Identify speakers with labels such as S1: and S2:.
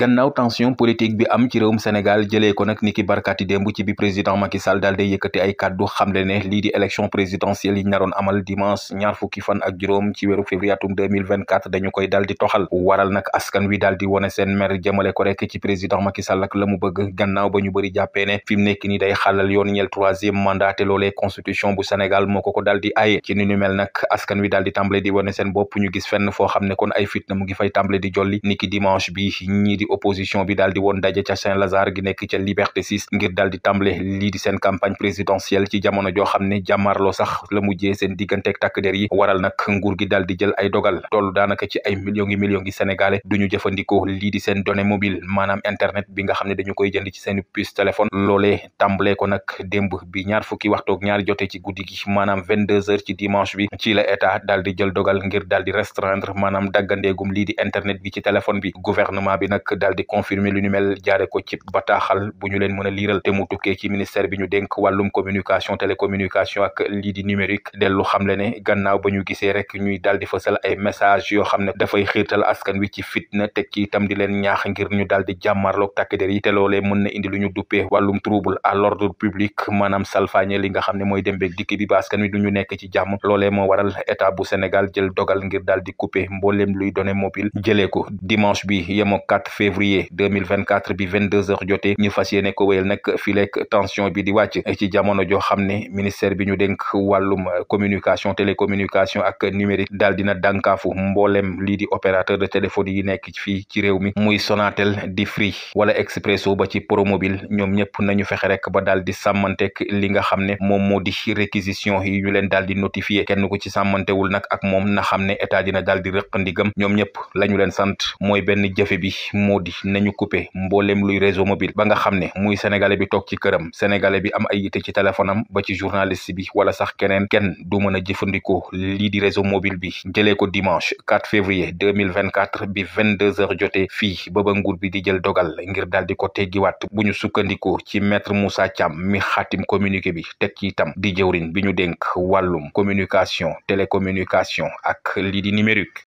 S1: gannaaw tension politique bi am ci réewum Sénégal jëlé ko nak niki Barkati dembu ci bi président Macky Sall dal day yëkëti ay cadeau xamlé né li di élection présidentielle yi ñaron amal dimanche ñaar fukki fan ak juroom ci wéru février 2024 dañu koy dal di toxal waral nak askan wi dal di woné sen mer jëmale ko rek ci président Macky Sall ak lamu bëgg gannaaw ba ñu bëri jappé né fim nekk ni day xalal yoon 3e mandat té lolé constitution bu Sénégal moko ko dal di ay ci ni ñu mel nak askan wi dal di tambalé di woné sen bop ñu gis fenn fo xamné kon ay fitna mu ngi fay tambalé di jolli niki dimanche bi ñi di opposition bi daldi won woon daje Saint-Lazare gi nek ca Liberté 6 ngir daldi di li di sen campagne présidentielle ci jamono jo xamné jamarlo sax la mujjé sen digganteeg ak der yi waral nak nguur gi daldi jël ay dogal tollu danaka ci ay millions yi millions yi sénégalais duñu jëfëndiko li di sen données mobile manam internet bi nga xamné ne dañu koy jënd ci sen puce téléphone lolé tàmbalee ko nak demb bi ñaar fukki waxtu ak ñaar jotee ci guddi gi maanaam vingt deux ci dimanche bi ci la état daal jël dogal ngir daldi restreindre manam dagandé gum li di internet bi ci téléphone bi gouvernement bi nak Daldi di confirmer lu ñu mel jaaré ko ci bataaxal bu ñu leen mëna liral té mu tuké ci ministère bi ñu dénk walum communication télécommunication ak lidi di numérique dellu xamle né gannaaw ba ñu gisee rek ñuy daal di ay message yo xamné ne dafay xiirtal askan wi ci fitna té ci tam di leen ñaax ngir ñu daal di jàmmarloog takk der yi indi lu ñu duppé walum trouble à l'ordre public manam salfaañe li nga xamné moy mooy dikki bi ba wi du ñu nekk ci jàmm lolé mo waral état bu Sénégal jël dogal ngir couper mbolém luy donné mobile jëlé ko dimanche bi yamo 4 février février 2024 bi 22 heures joté ñu fas yéene ko wéyal nag filet tension bi di wacc ci jamono jo xamné ministère bi ñu dénk walum communication télécommunication ak numérique d'aldina dina mbolem mboolem li di opérateur de téléphone yi nekk fi ci réew mi muy Sonatel di Free wala Expresso ba ci Promobile ñom ñep nañu fexé rek ba daal di ak li nga xamné mom di réquisition yi ñu leen di notifié kenn ko ci wul nak ak mom na xamné état dina daldi di rëq ndigam ñom ñep la ñu leen sant mooy benn bi mo moo nañu coupé mbollem luy réseau mobile ba nga xamné muy sénégalais bi tok ci këram sénégalais bi am ay yité ci téléphone am ba ci journaliste bi wala sax kenen ken du mëna jëfëndiko li di réseau mobile bi jëlee ko dimanche 4 février 2024 bi 22 h jotee fi ba ba bi di jël dogal ngir de di ko téggi wat buñu sukkandiko ci maître Moussa Thiam mi khatim communiqué bi tek ci tam di jëwriñ biñu denk communication télécommunication ak li di numérique